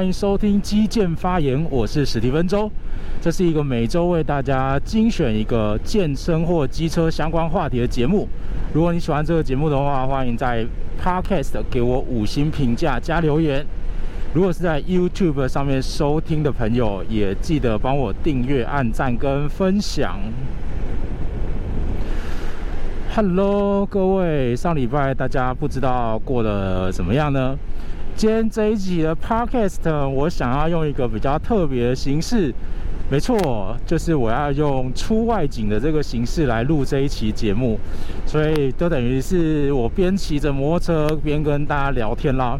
歡迎收聽《基建發言》，我是史蒂芬周。這是一個每周為大家精選一個健身或機車相關話題的節目。如果你喜歡這個節目的話，歡迎在 Podcast 給我五星評價加留言。如果是在 YouTube 上面收聽的朋友，也記得幫我訂閱、按讚跟分享。Hello，各位，上禮拜大家不知道過得怎麼樣呢？今天這一集的 Podcast，我想要用一個比較特別的形式，沒錯，就是我要用出外景的這個形式來錄這一期節目，所以就等於是我邊騎着摩托車邊跟大家聊天啦。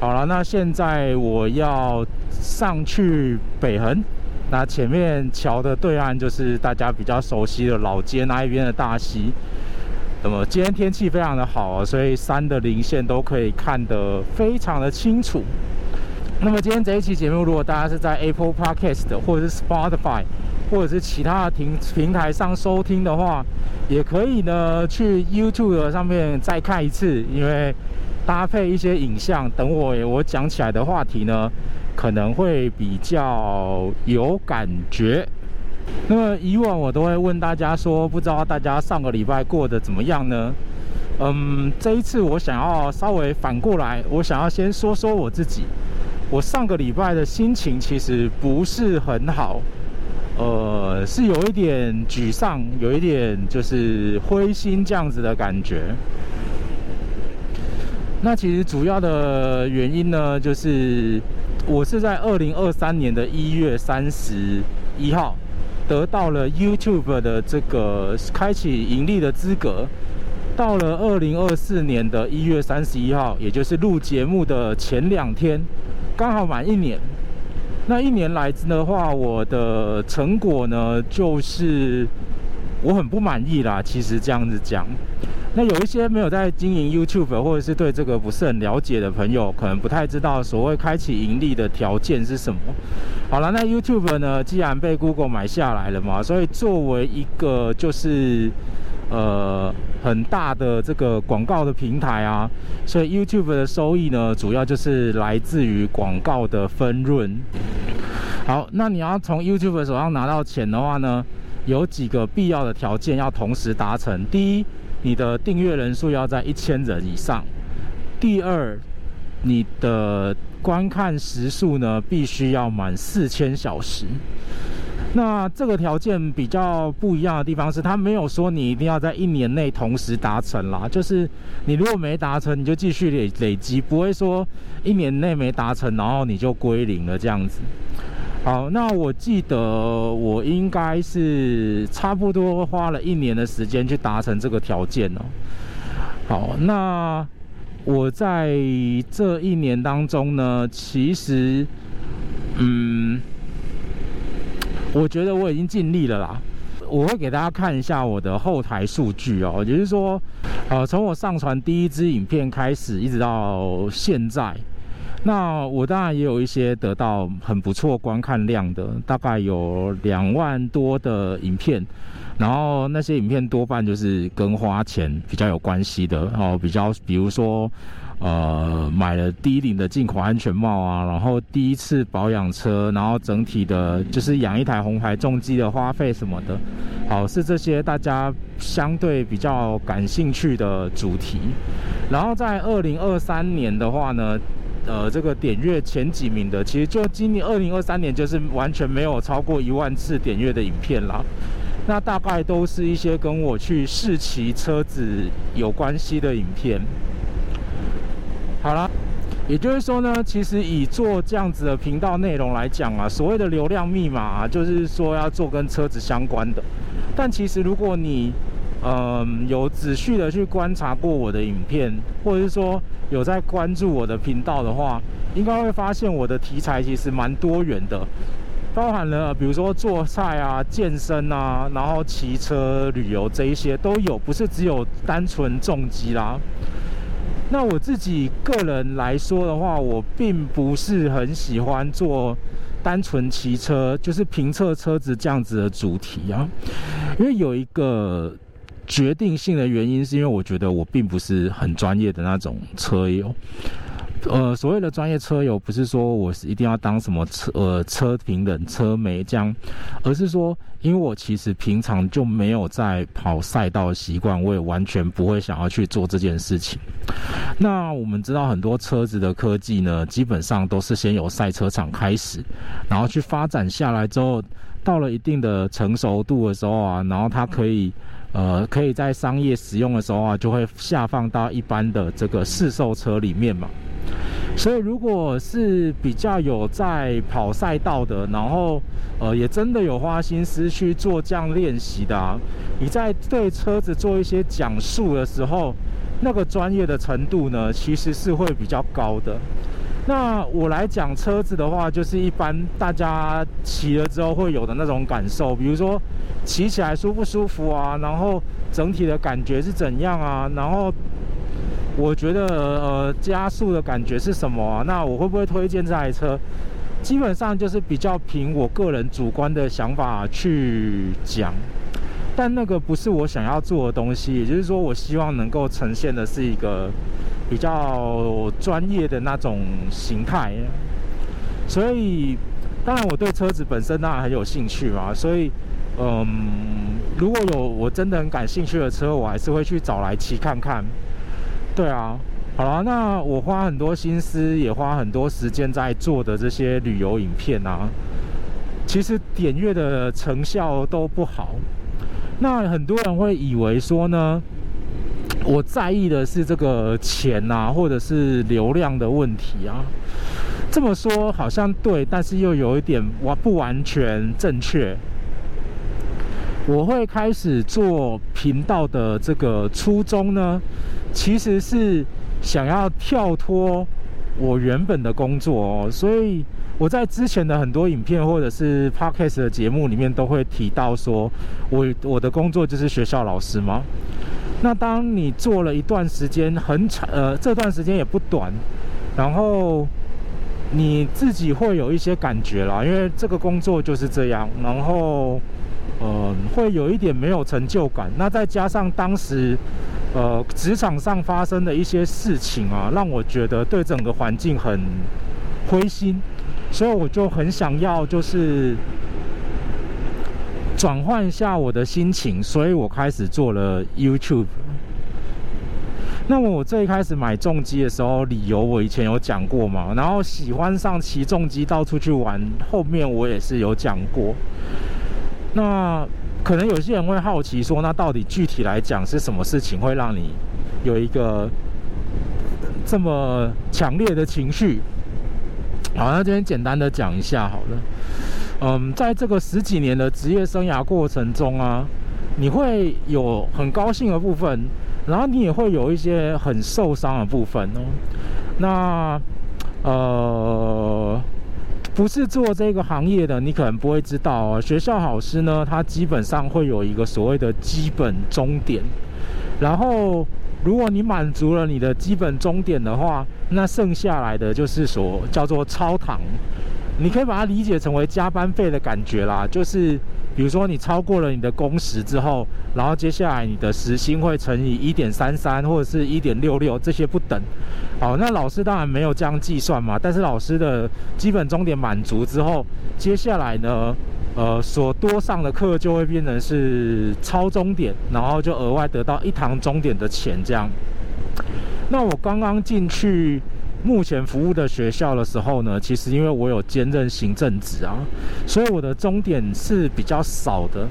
好了，那現在我要上去北橫，那前面橋的對岸就是大家比較熟悉的老街那一邊的大溪。那麼今天天氣非常的好哦，所以山的稜線都可以看得非常的清楚。那麼今天這一期節目，如果大家是在 Apple Podcast 或者是 Spotify 或者是其他平平台上收聽的話，也可以呢去 YouTube 上面再看一次，因為搭配一些影像，等我我講起來的話題呢，可能會比較有感覺。那麼以往我都會問大家說，不知道大家上個禮拜過得怎麼樣呢？嗯，這一次我想要稍微反過來，我想要先說說我自己。我上個禮拜的心情其實不是很好，呃，是有一點沮喪，有一點就是灰心這樣子的感覺。那其實主要的原因呢，就是我是在二零二三年的一月三十一號。得到了 YouTube 的這個開啟盈利的資格，到了二零二四年的一月三十一號，也就是錄節目的前兩天，剛好滿一年。那一年來的話，我的成果呢，就是我很不滿意啦。其實這樣子講。那有一些沒有在經營 YouTube，或者是對這個不是很了解的朋友，可能不太知道所謂開啟盈利的條件是什麼？好了，那 YouTube 呢，既然被 Google 買下來了嘛，所以作為一個就是呃很大的這個廣告的平台啊，所以 YouTube 的收益呢，主要就是來自於廣告的分潤。好，那你要從 YouTube 手上拿到錢的話呢，有幾個必要的條件要同時達成。第一，你的訂閱人數要在一千人以上。第二，你的觀看時數呢，必須要滿四千小時。那這個條件比較不一樣的地方是，它沒有說你一定要在一年內同時達成啦，就是你如果沒達成，你就繼續累累積，不會說一年內沒達成，然後你就歸零了這樣子。好，那我記得我應該是差不多花了一年的時間去達成這個條件哦。好，那我在這一年當中呢，其實，嗯，我覺得我已經盡力了啦。我會給大家看一下我的後台數據哦，就是說，呃，從我上傳第一支影片開始，一直到現在。那我當然也有一些得到很不錯觀看量的，大概有兩萬多的影片，然後那些影片多半就是跟花錢比較有關係的哦，比較比如說，呃，買了低頂的進口安全帽啊，然後第一次保養車，然後整體的就是養一台紅牌重機的花費什麼的，好、哦、是這些大家相對比較感興趣的主題，然後在二零二三年的話呢。呃，這個點閱前幾名的，其實就今年二零二三年，就是完全沒有超過一萬次點閱的影片啦。那大概都是一些跟我去試騎車子有關係的影片。好啦，也就是說呢，其實以做這樣子的頻道內容來講啊，所謂的流量密碼啊，就是說要做跟車子相關的。但其實如果你嗯，有仔細的去觀察過我的影片，或者是說有在關注我的頻道的話，應該會發現我的題材其實蠻多元的，包含了比如說做菜啊、健身啊，然後騎車旅遊這一些都有，不是只有單純重機啦。那我自己個人來說的話，我並不是很喜歡做單純騎車，就是評測車子這樣子的主題啊，因為有一個決定性的原因是因為我覺得我並不是很專業的那種車友，呃，所謂的專業車友不是說我是一定要當什麼車呃車評人、車媒這樣，而是說，因為我其實平常就沒有在跑賽道的習慣，我也完全不會想要去做這件事情。那我們知道很多車子的科技呢，基本上都是先由賽車場開始，然後去發展下來之後，到了一定的成熟度的時候啊，然後它可以。呃，可以在商業使用的時候啊，就會下放到一般的這個市售車裡面嘛。所以，如果是比較有在跑賽道的，然後呃，也真的有花心思去做這樣練習的、啊，你在對車子做一些講述的時候，那個專業的程度呢，其實是會比較高的。那我來講車子的話，就是一般大家騎了之後會有的那種感受，比如說騎起來舒不舒服啊，然後整體的感覺是怎樣啊，然後我覺得呃加速的感覺是什麼啊？那我會不會推薦這台車？基本上就是比較憑我個人主觀的想法去講，但那個不是我想要做的東西，也就是說我希望能夠呈現的是一個。比較專業的那種形態，所以當然我對車子本身當然很有興趣嘛啊。所以，嗯，如果有我真的很感興趣的車，我還是會去找來騎看看。對啊，好啦，那我花很多心思，也花很多時間在做的這些旅遊影片啊，其實點閱的成效都不好。那很多人會以為說呢，我在意的是這個錢啊，或者是流量的問題啊。這麼說好像對，但是又有一點我不完全正確。我會開始做頻道的這個初衷呢，其實是想要跳脫我原本的工作哦。所以我在之前的很多影片或者是 podcast 的節目裡面都會提到說，我我的工作就是學校老師嗎？那當你做了一段時間很長，呃，這段時間也不短，然後你自己會有一些感覺啦，因為這個工作就是這樣，然後，呃，會有一點沒有成就感。那再加上當時，呃，職場上發生的一些事情啊，讓我覺得對整個環境很灰心，所以我就很想要就是。轉換一下我的心情，所以我開始做了 YouTube。那麼我最開始買重機的時候，理由我以前有講過嘛，然後喜歡上騎重機到處去玩，後面我也是有講過。那可能有些人會好奇說，那到底具體來講是什麼事情會讓你有一個這麼強烈的情緒？好，那今天簡單的講一下好了。嗯，在這個十幾年的職業生涯過程中啊，你會有很高興的部分，然後你也會有一些很受傷的部分哦。那呃，不是做這個行業的，你可能不會知道哦，啊。學校老師呢，他基本上會有一個所謂的基本鐘點，然後如果你滿足了你的基本鐘點的話，那剩下來的就是所叫做超堂。你可以把它理解成為加班費的感覺啦，就是比如說你超過了你的工時之後，然後接下來你的時薪會乘以一點三三或者是一點六六這些不等。好，那老師當然沒有這樣計算嘛，但是老師的基本鐘點滿足之後，接下來呢，呃，所多上的課就會變成是超鐘點然後就額外得到一堂鐘點的錢這樣。那我剛剛進去目前服務的學校的時候呢，其實因為我有兼任行政職啊，所以我的鐘點是比較少的。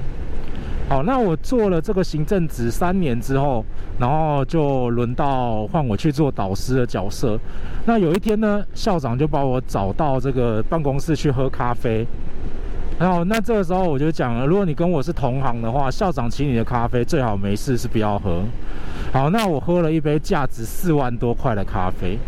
好，那我做了這個行政職三年之後，然後就輪到換我去做導師的角色。那有一天呢，校長就把我找到這個辦公室去喝咖啡。然後那這個時候我就講了：如果你跟我是同行的話，校長請你的咖啡最好沒事是不要喝。好，那我喝了一杯價值四萬多塊的咖啡。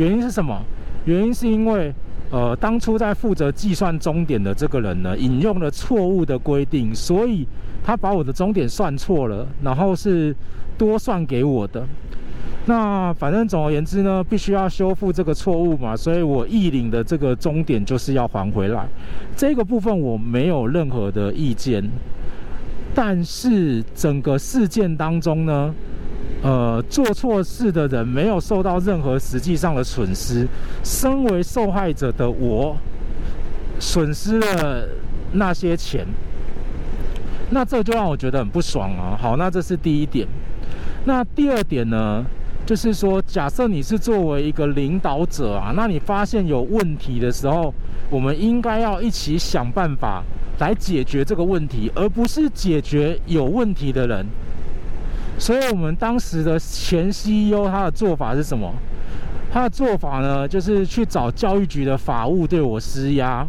原因是什麼？原因是因為，呃，當初在負責計算終點的這個人呢，引用了錯誤的規定，所以他把我的終點算錯了，然後是多算給我的。那反正總而言之呢，必須要修復這個錯誤嘛，所以我預領的這個終點就是要還回來。這個部分我沒有任何的意見，但是整個事件當中呢。呃，做錯事的人沒有受到任何實際上的損失，身為受害者的我，損失了那些錢，那這就讓我覺得很不爽啊。好，那這是第一點。那第二點呢，就是說，假設你是作為一個領導者啊，那你發現有問題的時候，我們應該要一起想辦法來解決這個問題，而不是解決有問題的人。所以我們當時的前 CEO 他的做法是什麼？他的做法呢，就是去找教育局的法務對我施壓，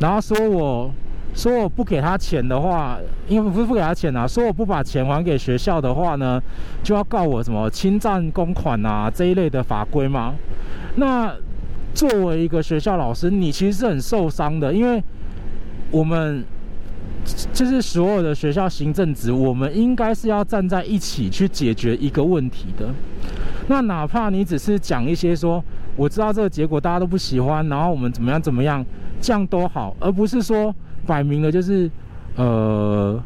然後說我說我不給他錢的話，因為不是不給他錢啊，說我不把錢還給學校的話呢，就要告我什麼侵占公款啊這一類的法規嗎？那作為一個學校老師，你其實是很受傷的，因為我們。就是所有的學校行政職，我們應該是要站在一起去解決一個問題的。那哪怕你只是講一些說，我知道這個結果大家都不喜歡，然後我們怎麼樣怎麼樣，這樣都好，而不是說擺明了就是，呃，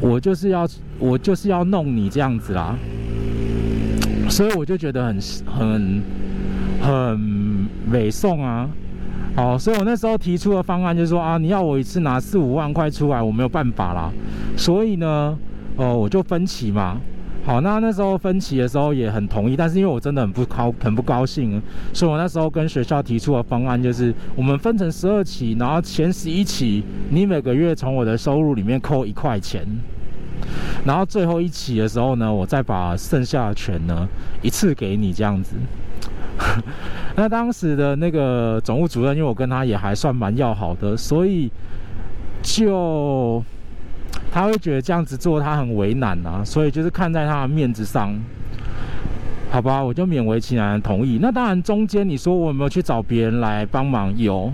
我就是要我就是要弄你這樣子啦。所以我就覺得很很很袂爽啊。好，所以我那時候提出的方案就是說啊，你要我一次拿四五萬塊出來，我沒有辦法啦。所以呢，呃，我就分期嘛。好，那那時候分期的時候也很同意，但是因為我真的很不高，很不高興，所以我那時候跟學校提出的方案就是，我們分成十二期，然後前十一期你每個月從我的收入裡面扣一塊錢，然後最後一期的時候呢，我再把剩下的錢呢一次給你這樣子。 那當時的那個總務主任，因為我跟他也還算蠻要好的，所以就他會覺得這樣子做他很為難啊。所以就是看在他的面子上，好吧，我就勉為其難同意。那當然，中間你說我有沒有去找別人來幫忙遊，有。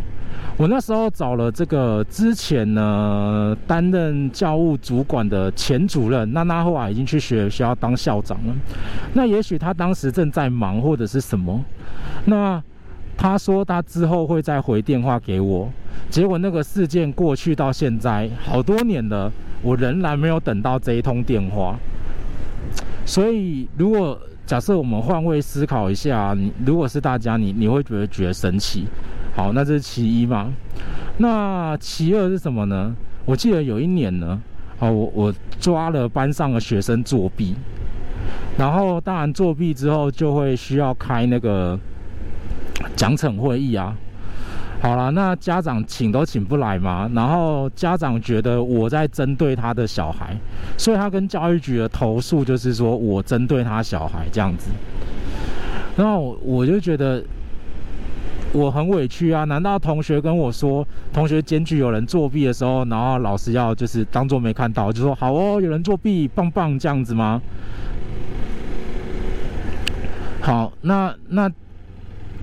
我那時候找了這個之前呢擔任教務主管的前主任，那那後來已經去學學校當校長了。那也許他當時正在忙或者是什麼，那他說他之後會再回電話給我。結果那個事件過去到現在好多年了，我仍然沒有等到這一通電話。所以如果假設我們換位思考一下，如果是大家，你你會覺得覺得神奇？好，那這是其一嘛。那其二是什麼呢？我記得有一年呢，啊，我我抓了班上的學生作弊，然後當然作弊之後就會需要開那個獎懲會議啊。好啦，那家長請都請不來嘛，然後家長覺得我在針對他的小孩，所以他跟教育局的投訴就是說我針對他小孩這樣子。那我我就覺得。我很委屈啊！難道同學跟我說，同學監局有人作弊的時候，然後老師要就是當作沒看到，就說好哦，有人作弊，棒棒這樣子嗎？好，那那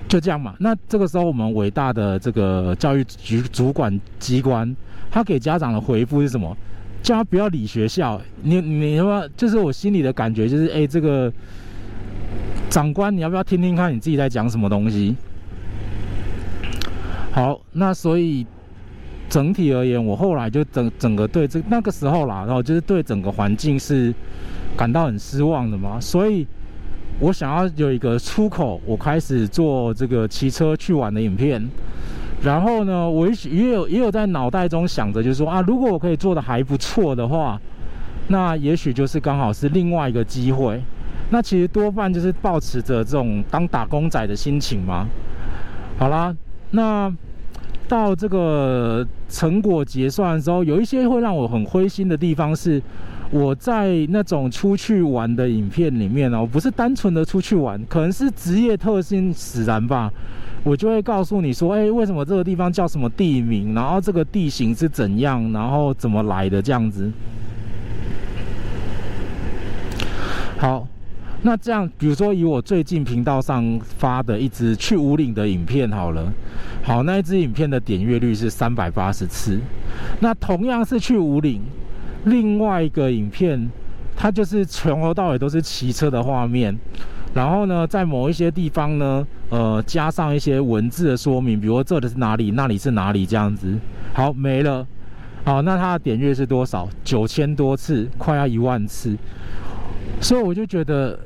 就這樣嘛。那這個時候，我們偉大的這個教育局主管機關，他給家長的回復是什麼？叫他不要理學校。你你有沒有？就是我心裡的感覺就是，哎、欸，這個長官，你要不要聽聽看你自己在講什麼東西？好，那所以整體而言，我後來就整整個對這那個時候啦，然後就是對整個環境是感到很失望的嘛。所以，我想要有一個出口，我開始做這個騎車去玩的影片。然後呢，我也許也有也有在腦袋中想着，就是說啊，如果我可以做得還不錯的話，那也許就是剛好是另外一個機會。那其實多半就是抱持着這種當打工仔的心情嘛。好啦。那到這個成果結算的時候，有一些會讓我很灰心的地方是，我在那種出去玩的影片裡面呢，我不是單純的出去玩，可能是職業特性使然吧，我就會告訴你說，哎、欸，為什麼這個地方叫什麼地名，然後這個地形是怎樣，然後怎麼來的這樣子。好。那這樣，比如說以我最近頻道上發的一支去武嶺的影片好了，好，那一支影片的點閱率是三百八十次。那同樣是去武嶺，另外一個影片，它就是從頭到尾都是騎車的畫面，然後呢，在某一些地方呢，呃，加上一些文字的說明，比如說這裡是哪裡，那裡是哪裡這樣子。好，沒了。好，那它的點閱是多少？九千多次，快要一萬次。所以我就覺得。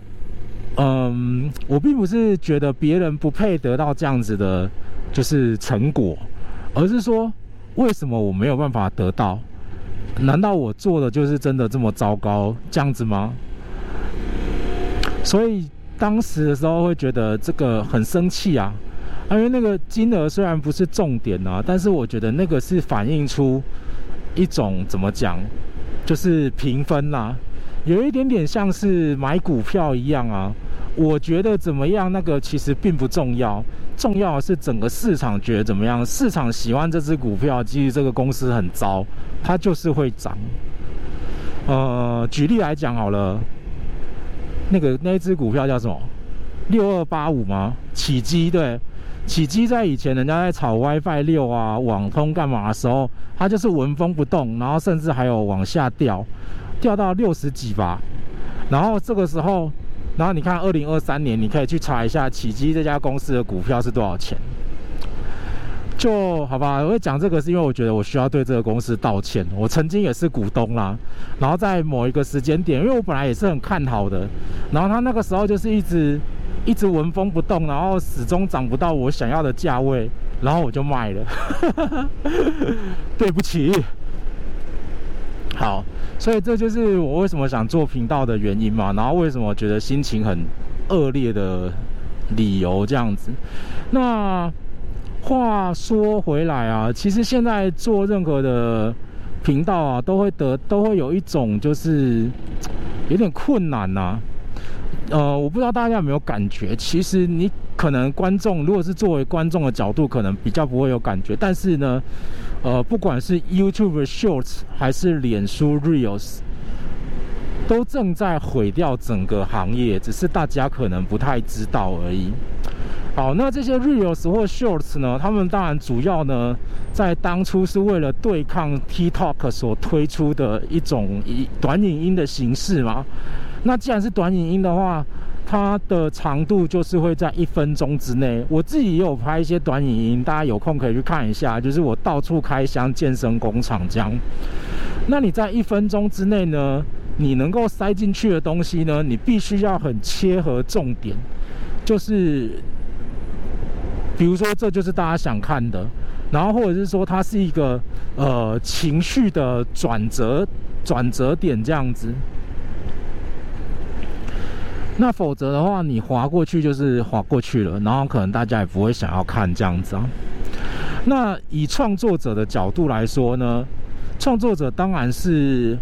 嗯，我並不是覺得別人不配得到這樣子的，就是成果，而是說為什麼我沒有辦法得到？難道我做的就是真的這麼糟糕這樣子嗎？所以當時的時候會覺得這個很生氣啊，因為那個金額雖然不是重點啊，但是我覺得那個是反映出一種怎麼講，就是評分啦、啊。有一點點像是買股票一樣啊，我覺得怎麼樣？那個其實並不重要，重要的是整個市場覺得怎麼樣？市場喜歡這只股票，基於這個公司很糟，它就是會漲。呃，舉例來講好了，那個那一只股票叫什麼？六二八五嗎？啟碁對，啟碁在以前人家在炒 WiFi 六啊、網通幹嘛的時候，它就是紋風不動，然後甚至還有往下掉。掉到六十幾吧，然後這個時候，然後你看二零二三年，你可以去查一下起基這家公司的股票是多少錢？就好吧，我會講這個是因為我覺得我需要對這個公司道歉。我曾經也是股東啦，然後在某一個時間點，因為我本來也是很看好的，然後他那個時候就是一直一直紋風不動，然後始終漲不到我想要的價位，然後我就賣了。 對不起。好，所以這就是我為什麼想做頻道的原因嘛。然後為什麼覺得心情很惡劣的理由這樣子。那話說回來啊，其實現在做任何的頻道啊，都會得都會有一種就是有點困難吶、啊。呃，我不知道大家有沒有感覺，其實你可能觀眾如果是作為觀眾的角度，可能比較不會有感覺，但是呢。呃，不管是 YouTube Shorts 還是臉書 Reels，都正在毀掉整個行業，只是大家可能不太知道而已。好，那這些 Reels 或 Shorts 呢？他們當然主要呢，在當初是為了對抗 TikTok 所推出的一種以短影音的形式嘛。那既然是短影音的話，它的長度就是會在一分鐘之內，我自己也有拍一些短影音，大家有空可以去看一下。就是我到處開箱、健身工廠這樣。那你在一分鐘之內呢，你能夠塞進去的東西呢，你必須要很切合重點，就是比如說，這就是大家想看的，然後或者是說它是一個呃情緒的轉折轉折點這樣子。那否則的話，你滑過去就是滑過去了，然後可能大家也不會想要看這樣子啊。那以創作者的角度來說呢，創作者當然是，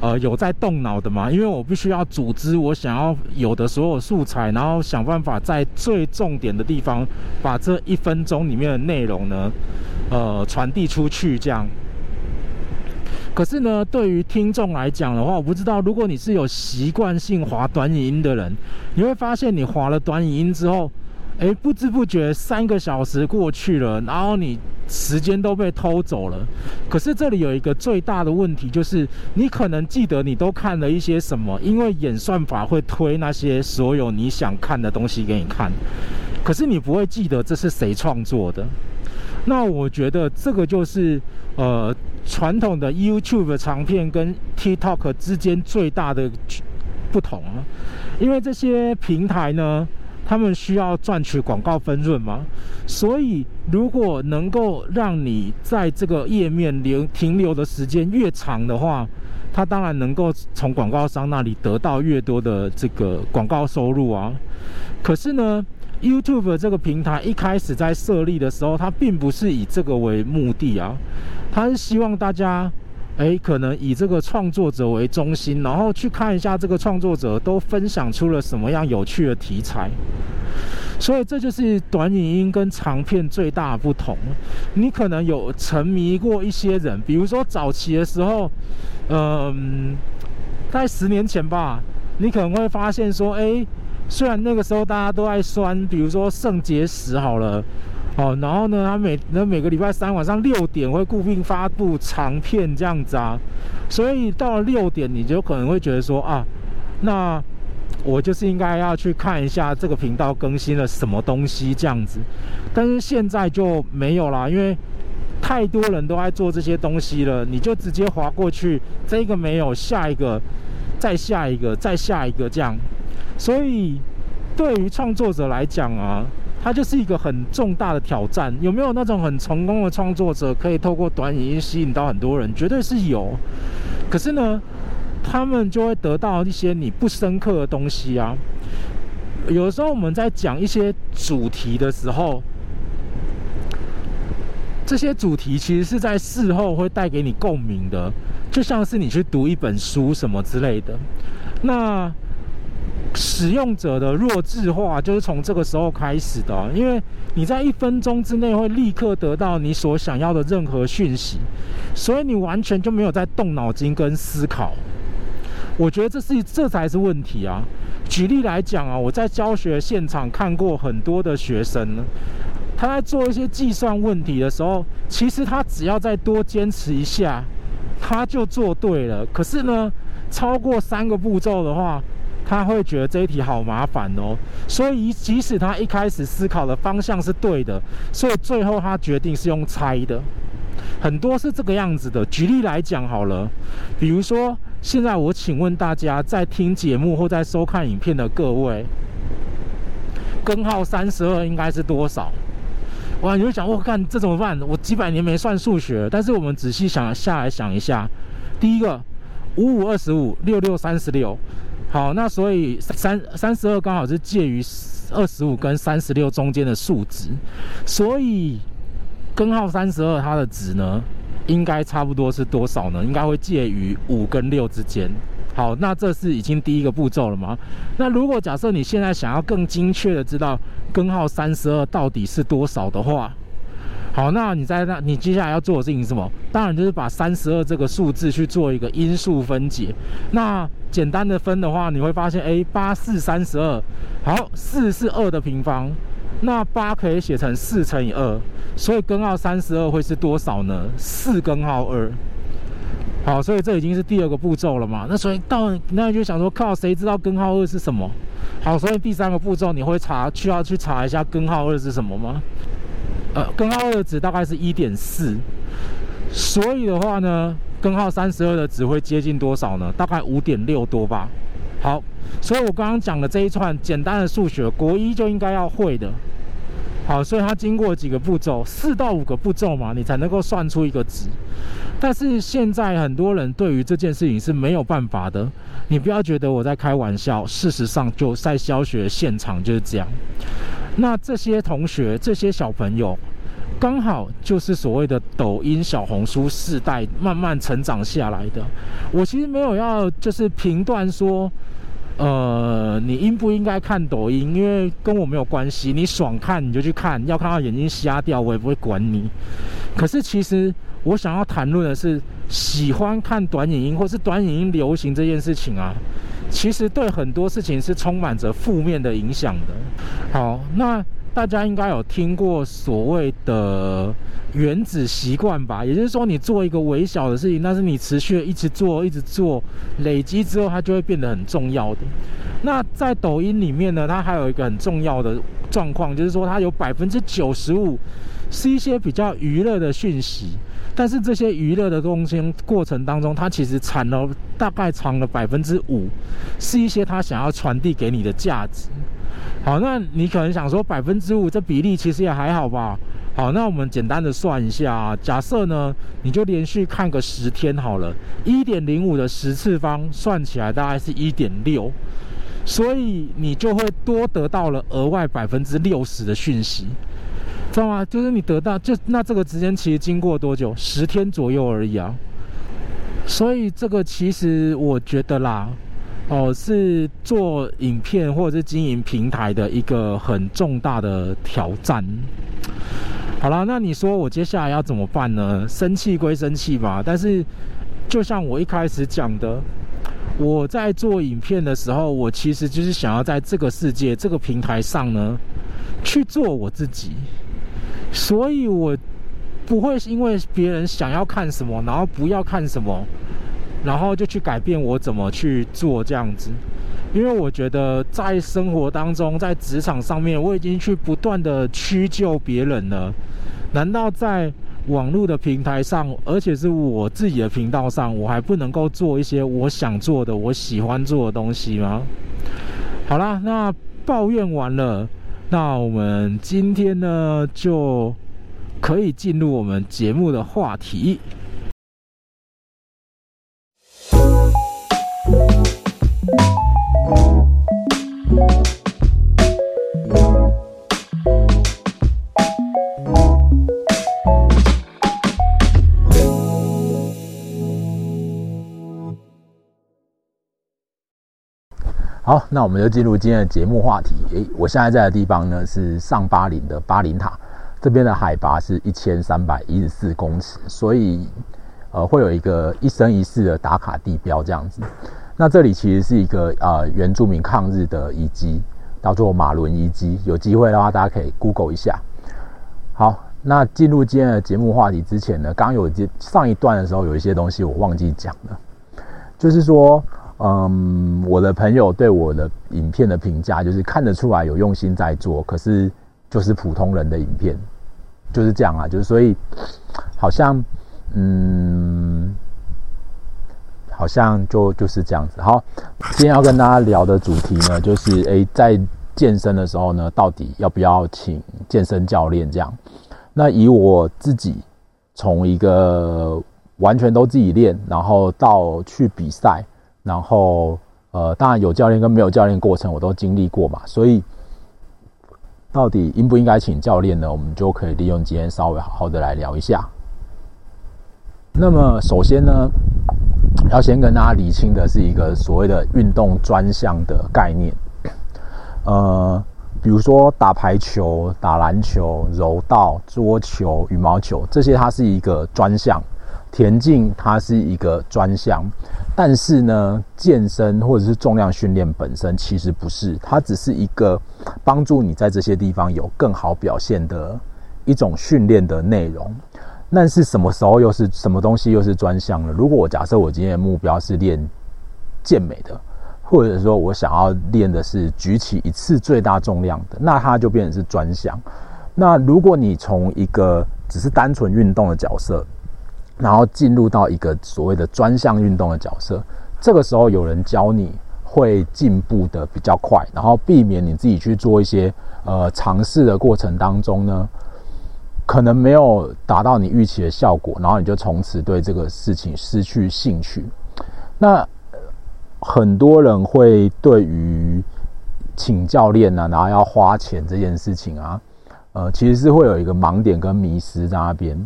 呃，有在動腦的嘛，因為我必須要組織我想要有的所有素材，然後想辦法在最重點的地方把這一分鐘裡面的內容呢，呃，傳遞出去，這樣。可是呢，對於聽眾來講的話，我不知道，如果你是有習慣性滑短影音的人，你會發現你滑了短影音之後，哎，不知不覺三個小時過去了，然後你時間都被偷走了。可是這裡有一個最大的問題，就是你可能記得你都看了一些什麼，因為演算法會推那些所有你想看的東西給你看，可是你不會記得這是誰創作的。那我覺得這個就是呃。傳統的 YouTube 長片跟 TikTok 之間最大的不同啊，因為這些平台呢，他們需要賺取廣告分潤嘛，所以如果能夠讓你在這個頁面留停留的時間越長的話，他當然能夠從廣告商那裡得到越多的這個廣告收入啊。可是呢，YouTube 這個平台一開始在設立的時候，它並不是以這個為目的啊，它是希望大家，哎、欸，可能以這個創作者為中心，然後去看一下這個創作者都分享出了什麼樣有趣的題材。所以這就是短影音跟長片最大的不同。你可能有沉迷過一些人，比如說早期的時候，呃、嗯，在十年前吧，你可能會發現說，哎、欸。雖然那個時候大家都在酸，比如說聖結石好了，哦，然後呢，他每那每個禮拜三晚上六點會固定發布長片這樣子啊，所以到了六點你就可能會覺得說啊，那我就是應該要去看一下這個頻道更新了什麼東西這樣子，但是現在就沒有啦，因為太多人都愛做這些東西了，你就直接滑過去，這個沒有，下一個，再下一個，再下一個這樣。所以，對於創作者來講啊，它就是一個很重大的挑戰。有沒有那種很成功的創作者可以透過短影音吸引到很多人？絕對是有。可是呢，他們就會得到一些你不深刻的東西啊。有的時候我們在講一些主題的時候，這些主題其實是在事後會帶給你共鳴的，就像是你去讀一本書什麼之類的。那。使用者的弱智化就是從這個時候開始的啊，因為你在一分鐘之內會立刻得到你所想要的任何訊息，所以你完全就沒有在動腦筋跟思考。我覺得這是這才是問題啊！舉例來講啊，我在教學現場看過很多的學生呢，他在做一些計算問題的時候，其實他只要再多堅持一下，他就做對了。可是呢，超過三個步驟的話，他會覺得這一題好麻煩哦，所以即使他一開始思考的方向是對的，所以最後他決定是用猜的，很多是這個樣子的。舉例來講好了，比如說現在我請問大家，在聽節目或在收看影片的各位，根號三十二應該是多少？哇，你會想，我看這怎麼辦？我幾百年沒算數學。但是我們仔細想下來想一下，第一個五五二十五，六六三十六。好，那所以三三十二剛好是介於二十五跟三十六中間的數值，所以根號三十二它的值呢，應該差不多是多少呢？應該會介於五跟六之間。好，那這是已經第一個步驟了嗎？那如果假設你現在想要更精確的知道根號三十二到底是多少的話，好，那你在那你接下來要做的事情是什麼？當然就是把三十二這個數字去做一個因數分解。那簡單的分的話，你會發現，誒，八四三十二，好，四是二的平方，那八可以寫成四乘以二，所以根號三十二會是多少呢？四根號二，好，所以這已經是第二個步驟了嘛？那所以到，那就想說，靠誰知道根號二是什麼？好，所以第三個步驟你會查，需要去查一下根號二是什麼嗎？呃，根號二的值大概是一點四，所以的話呢？根號三十二的值會接近多少呢？大概五點六多吧。好，所以我剛剛講的這一串簡單的數學，國一就應該要會的。好，所以它經過幾個步驟，四到五個步驟嘛，你才能夠算出一個值。但是現在很多人對於這件事情是沒有辦法的。你不要覺得我在開玩笑，事實上就在教學現場就是這樣。那這些同學，這些小朋友。剛好就是所謂的抖音、小紅書世代慢慢成長下來的。我其實沒有要就是評斷說，呃，你應不應該看抖音，因為跟我沒有關係。你爽看你就去看，要看到眼睛瞎掉我也不會管你。可是其實我想要談論的是，喜歡看短影音或是短影音流行這件事情啊，其實對很多事情是充滿着負面的影響的。好，那。大家應該有聽過所謂的原子習慣吧？也就是說，你做一個微小的事情，但是你持續一直做，一直做，累積之後，它就會變得很重要的。那在抖音裡面呢，它還有一個很重要的狀況，就是說，它有百分之九十五是一些比較娛樂的訊息，但是這些娛樂的東西過程當中，它其實產了大概長了百分之五，是一些它想要傳遞給你的價值。好，那你可能想說百分之五這比例其實也還好吧？好，那我們簡單的算一下啊，假設呢，你就連續看個十天好了，一點零五的十次方算起來大概是一點六，所以你就會多得到了額外百分之六十的訊息，知道嗎？就是你得到就那這個時間其實經過多久？十天左右而已啊，所以這個其實我覺得啦。哦，是做影片或者是經營平台的一個很重大的挑戰。好啦，那你說我接下來要怎麼辦呢？生氣歸生氣吧，但是就像我一開始講的，我在做影片的時候，我其實就是想要在這個世界、這個平台上呢去做我自己，所以我不會因為別人想要看什麼，然後不要看什麼。然後就去改變我怎麼去做這樣子，因為我覺得在生活當中，在職場上面，我已經去不斷的屈就別人了，難道在網絡的平台上，而且是我自己的頻道上，我還不能夠做一些我想做的、我喜歡做的東西嗎？好啦，那抱怨完了，那我們今天呢就可以進入我們節目的話題。好，那我們就進入今天的節目話題。欸，我現在在的地方呢是上巴陵的巴陵塔，這邊的海拔是一千三百一十四公尺，所以。呃，會有一個一生一世的打卡地標這樣子。那這裡其實是一個呃原住民抗日的遺跡，叫做馬倫遺跡。有機會的話，大家可以 Google 一下。好，那進入今天的節目話題之前呢，剛有上一段的時候，有一些東西我忘記講了，就是說，嗯，我的朋友對我的影片的評價，就是看得出來有用心在做，可是就是普通人的影片，就是這樣啊，就是所以好像。嗯，好像就就是這樣子。好，今天要跟大家聊的主題呢，就是誒，在健身的時候呢，到底要不要請健身教練這樣？那以我自己從一個完全都自己練，然後到去比賽，然後呃，當然有教練跟沒有教練過程我都經歷過嘛，所以到底應不應該請教練呢？我們就可以利用今天稍微好好的來聊一下。那麼，首先呢，要先跟大家理清的是一個所謂的運動專項的概念。呃，比如說打排球、打籃球、柔道、桌球、羽毛球，這些它是一個專項；田徑它是一個專項。但是呢，健身或者是重量訓練本身其實不是，它只是一個幫助你在這些地方有更好表現的一種訓練的內容。那是什麼時候又是什麼東西又是專項呢？如果我假設我今天的目標是練健美的，或者說我想要練的是舉起一次最大重量的，那它就變成是專項。那如果你從一個只是單純運動的角色，然後進入到一個所謂的專項運動的角色，這個時候有人教你會進步的比較快，然後避免你自己去做一些呃嘗試的過程當中呢？可能沒有達到你預期的效果，然後你就從此對這個事情失去興趣。那很多人會對於請教練呢、啊，然後要花錢這件事情啊，呃，其實是會有一個盲點跟迷失在那邊。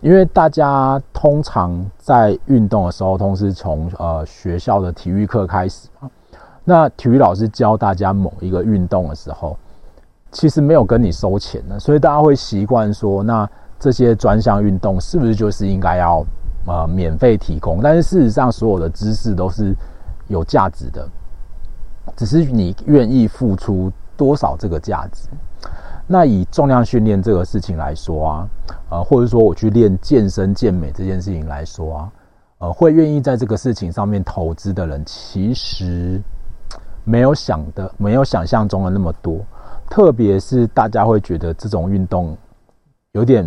因為大家通常在運動的時候，都是從呃學校的體育課開始，那體育老師教大家某一個運動的時候，其實沒有跟你收錢的，所以大家會習慣說：那這些專項運動是不是就是應該要呃免費提供？但是事實上，所有的知識都是有價值的，只是你願意付出多少這個價值。那以重量訓練這個事情來說啊，呃，或者說我去練健身健美這件事情來說啊，呃，會願意在這個事情上面投資的人，其實沒有想的，沒有想象中的那麼多。特別是大家會覺得這種運動有點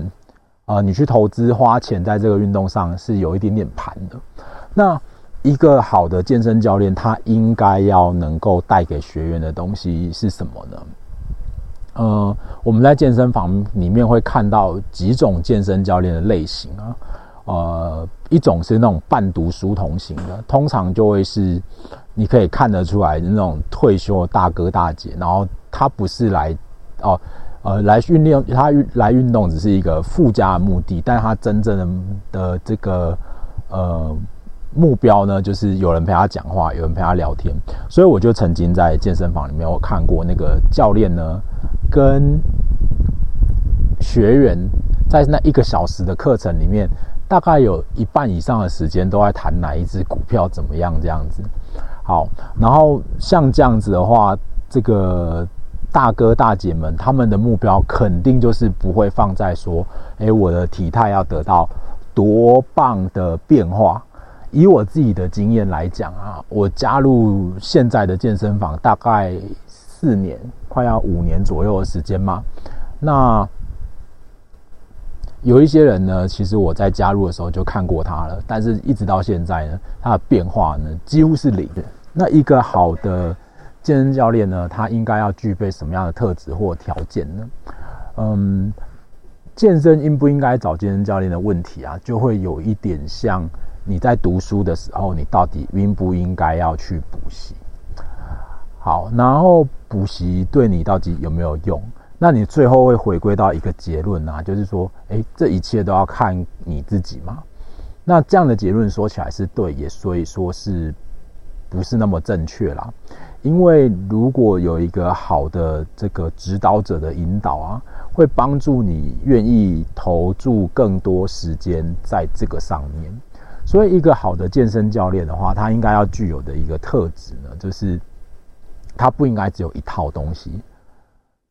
啊、呃，你去投資花錢在這個運動上是有一點點盤的。那一個好的健身教練，他應該要能夠帶給學員的東西是什麼呢？呃，我們在健身房裡面會看到幾種健身教練的類型啊，呃，一種是那種伴讀書僮型的，通常就會是你可以看得出來那種退休的大哥大姐，然後。他不是來，哦，呃，來訓練，他運來運動只是一個附加的目的，但是他真正的的這個呃目標呢，就是有人陪他講話，有人陪他聊天。所以我就曾經在健身房裡面我看過那個教練呢，跟學員在那一個小時的課程裡面，大概有一半以上的時間都在談哪一隻股票怎麼樣這樣子。好，然後像這樣子的話，這個。大哥大姐們，他們的目標肯定就是不會放在說，哎，我的體態要得到多棒的變化。以我自己的經驗來講啊，我加入現在的健身房大概四年，快要五年左右的時間嘛。那有一些人呢，其實我在加入的時候就看過他了，但是一直到現在呢，他的變化呢，幾乎是零。那一個好的。健身教練呢，他應該要具備什麼樣的特質或條件呢？嗯，健身應不應該找健身教練的問題啊，就會有一點像你在讀書的時候，你到底應不應該要去補習？好，然後補習對你到底有沒有用？那你最後會回歸到一個結論啊，就是說，哎，這一切都要看你自己嘛。那這樣的結論說起來是對，也所以說是不是那麼正確啦？因為如果有一個好的這個指導者的引導啊，會幫助你願意投注更多時間在這個上面。所以一個好的健身教練的話，他應該要具有的一個特質呢，就是他不應該只有一套東西。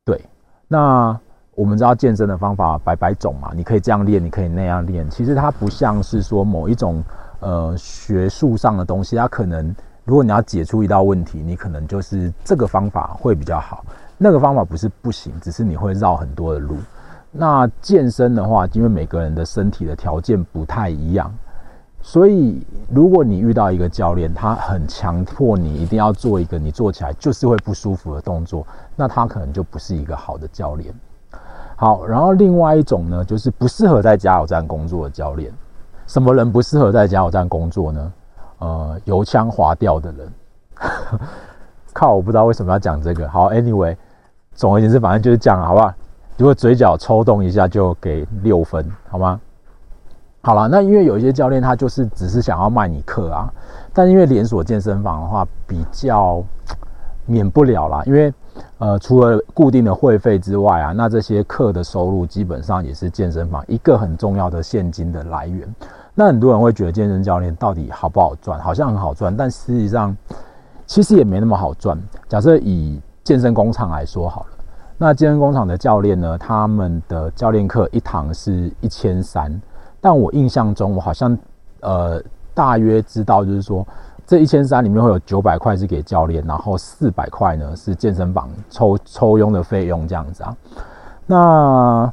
對，那我們知道健身的方法百百種嘛，你可以這樣練，你可以那樣練。其實它不像是說某一種呃學術上的東西，它可能。如果你要解出一道問題，你可能就是這個方法會比較好。那個方法不是不行，只是你會繞很多的路。那健身的話，因為每個人的身體的條件不太一樣，所以如果你遇到一個教練，他很強迫你一定要做一個你做起來就是會不舒服的動作，那他可能就不是一個好的教練。好，然後另外一種呢，就是不適合在加油站工作的教練。什麼人不適合在加油站工作呢？呃，油腔滑調的人， 靠！我不知道為什麼要講這個。好，anyway，總而言之，反正就是這樣，好不好？如果嘴角抽動一下，就給六分，好嗎？好了，那因為有一些教練他就是只是想要賣你課啊，但因為連鎖健身房的話，比較免不了啦。因為呃，除了固定的會費之外啊，那這些課的收入基本上也是健身房一個很重要的現金的來源。那很多人會覺得健身教練到底好不好賺？好像很好賺，但實際上其實也沒那麼好賺。假設以健身工廠來說好了，那健身工廠的教練呢？他們的教練課一堂是一千三，但我印象中我好像呃大約知道，就是說這一千三裡面會有九百塊是給教練，然後四百塊呢是健身房抽抽佣的費用這樣子啊。那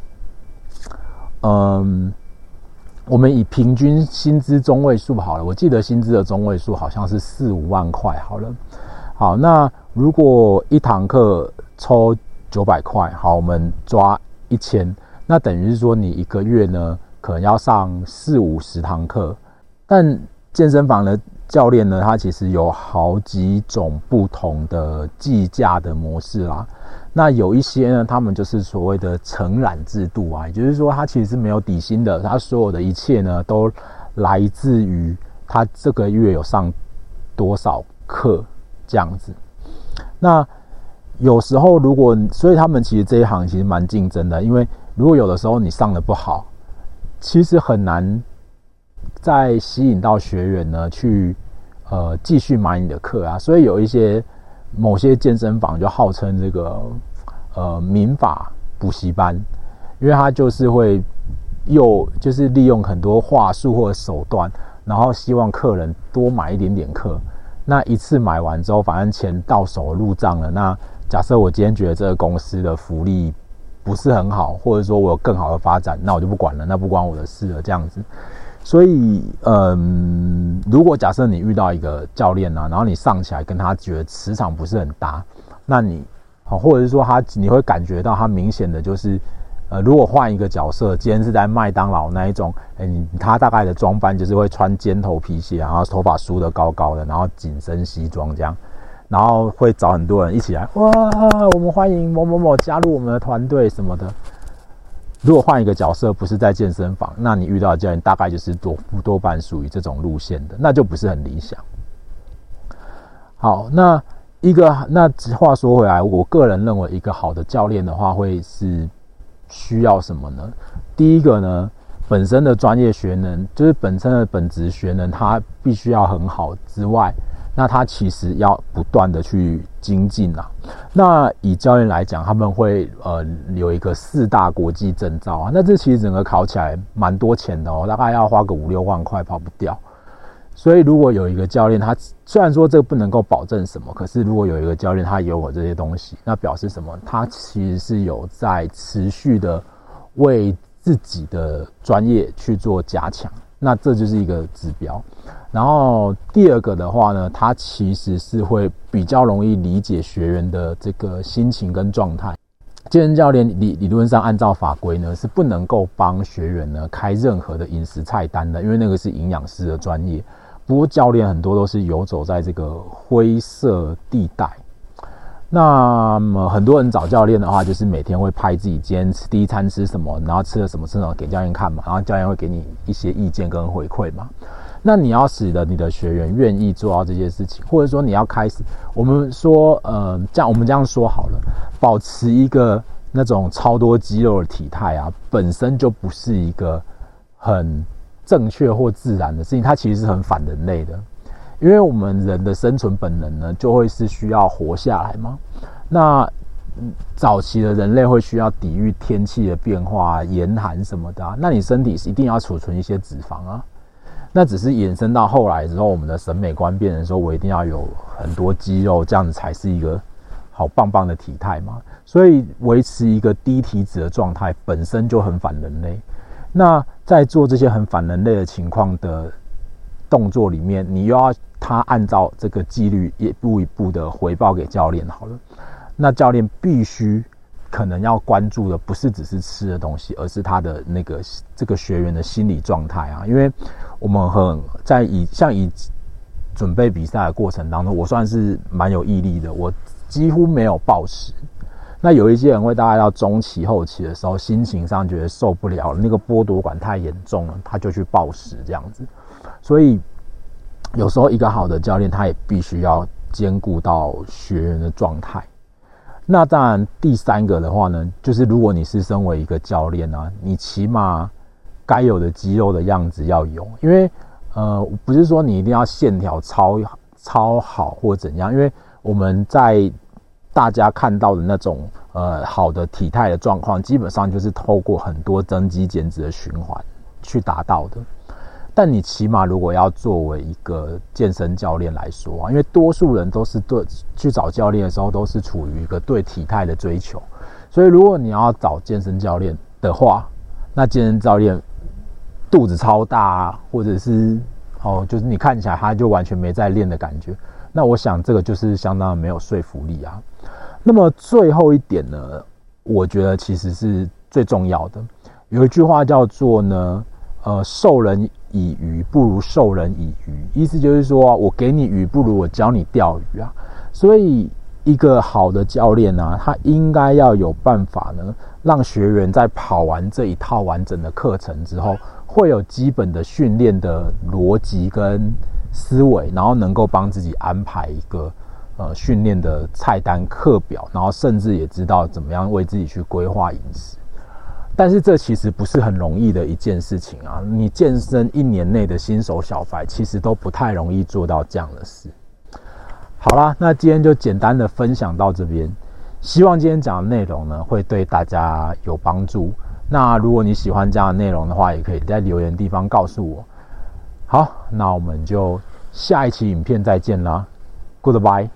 嗯。呃我們以平均薪資中位數好了，我記得薪資的中位數好像是四五萬塊好了。好，那如果一堂課抽九百塊，好，我們抓一千，那等於是說你一個月呢，可能要上四五十堂課，但健身房呢？教練呢，他其實有好幾種不同的計價的模式啦。那有一些呢，他們就是所謂的承攬制度啊，也就是說，他其實是沒有底薪的，他所有的一切呢，都來自於他這個月有上多少課這樣子。那有時候如果，所以他們其實這一行其實蠻競爭的，因為如果有的時候你上得不好，其實很難。再吸引到學員呢，去呃繼續買你的課啊，所以有一些某些健身房就號稱這個呃民法補習班，因為他就是會又就是利用很多話術或者手段，然後希望客人多買一點點課。那一次買完之後，反正錢到手的入賬了。那假設我今天覺得這個公司的福利不是很好，或者說我有更好的發展，那我就不管了，那不關我的事了，這樣子。所以，嗯、呃，如果假設你遇到一個教練呢、啊，然後你上起來跟他覺得磁場不是很搭，那你，或者是說他，你會感覺到他明顯的就是，呃，如果換一個角色，既然是在麥當勞那一種，哎、欸，你他大概的裝扮就是會穿尖頭皮鞋，然後頭髮梳得高高的，然後緊身西裝這樣，然後會找很多人一起來，哇，我們歡迎某某某加入我們的團隊什麼的。如果換一個角色，不是在健身房，那你遇到的教練大概就是多多半屬於這種路線的，那就不是很理想。好，那一個那話說回來，我個人認為一個好的教練的話，會是需要什麼呢？第一個呢，本身的專業學能，就是本身的本職學能，他必須要很好之外。那他其實要不斷的去精進啦。那以教練來講，他們會呃有一個四大國際證照啊。那這其實整個考起來蠻多錢的哦，大概要花個五六萬塊跑不掉。所以如果有一個教練，他雖然說這個不能夠保證什麼，可是如果有一個教練他有我這些東西，那表示什麼？他其實是有在持續的為自己的專業去做加強。那這就是一個指標。然後第二個的話呢，他其實是會比較容易理解學員的這個心情跟狀態。健身教練理理論上按照法規呢，是不能夠幫學員呢開任何的飲食菜單的，因為那個是營養師的專業。不過教練很多都是游走在這個灰色地帶。那麼，嗯，很多人找教練的話，就是每天會拍自己今天第一餐吃什麼，然後吃了什麼，吃什麼給教練看嘛，然後教練會給你一些意見跟回饋嘛。那你要使得你的學員願意做到這些事情，或者說你要開始，我們說，呃，這樣我們這樣說好了，保持一個那種超多肌肉的體態啊，本身就不是一個很正確或自然的事情，它其實是很反人類的，因為我們人的生存本能呢，就會是需要活下來嘛。那早期的人類會需要抵禦天氣的變化啊，嚴寒什麼的啊，那你身體是一定要儲存一些脂肪啊。那只是延伸到後來之後，我們的審美觀變成說，我一定要有很多肌肉，這樣子才是一個好棒棒的體態嘛。所以維持一個低體脂的狀態本身就很反人類。那在做這些很反人類的情況的動作裡面，你又要他按照這個紀律一步一步的回報給教練好了。那教練必須。可能要關注的不是只是吃的東西，而是他的那個這個學員的心理狀態啊。因為我們很在以像以準備比賽的過程當中，我算是蠻有毅力的，我幾乎沒有暴食。那有一些人會大概到中期後期的時候，心情上覺得受不了了，那個剝奪感太嚴重了，他就去暴食這樣子。所以有時候一個好的教練，他也必須要兼顧到學員的狀態。那當然，第三個的話呢，就是如果你是身為一個教練啊，你起碼該有的肌肉的樣子要有，因為呃，不是說你一定要線條超超好或怎樣，因為我們在大家看到的那種呃好的體態的狀況，基本上就是透過很多增肌減脂的循環去達到的。但你起碼如果要作為一個健身教練來說啊，因為多數人都是對去找教練的時候都是處於一個對體態的追求，所以如果你要找健身教練的話，那健身教練肚子超大啊，或者是哦，就是你看起來他就完全沒在練的感覺，那我想這個就是相當沒有說服力啊。那麼最後一點呢，我覺得其實是最重要的，有一句話叫做呢，呃，受人。以魚不如授人以漁，意思就是說我給你魚，不如我教你釣魚啊。所以一個好的教練呢、啊，他應該要有辦法呢，讓學員在跑完這一套完整的課程之後，會有基本的訓練的邏輯跟思維，然後能夠幫自己安排一個呃訓練的菜單課表，然後甚至也知道怎麼樣為自己去規劃飲食。但是這其實不是很容易的一件事情啊！你健身一年內的新手小白，其實都不太容易做到這樣的事。好啦，那今天就簡單的分享到這邊，希望今天講的內容呢會對大家有幫助。那如果你喜歡這樣的內容的話，也可以在留言地方告訴我。好，那我們就下一期影片再見啦，Goodbye。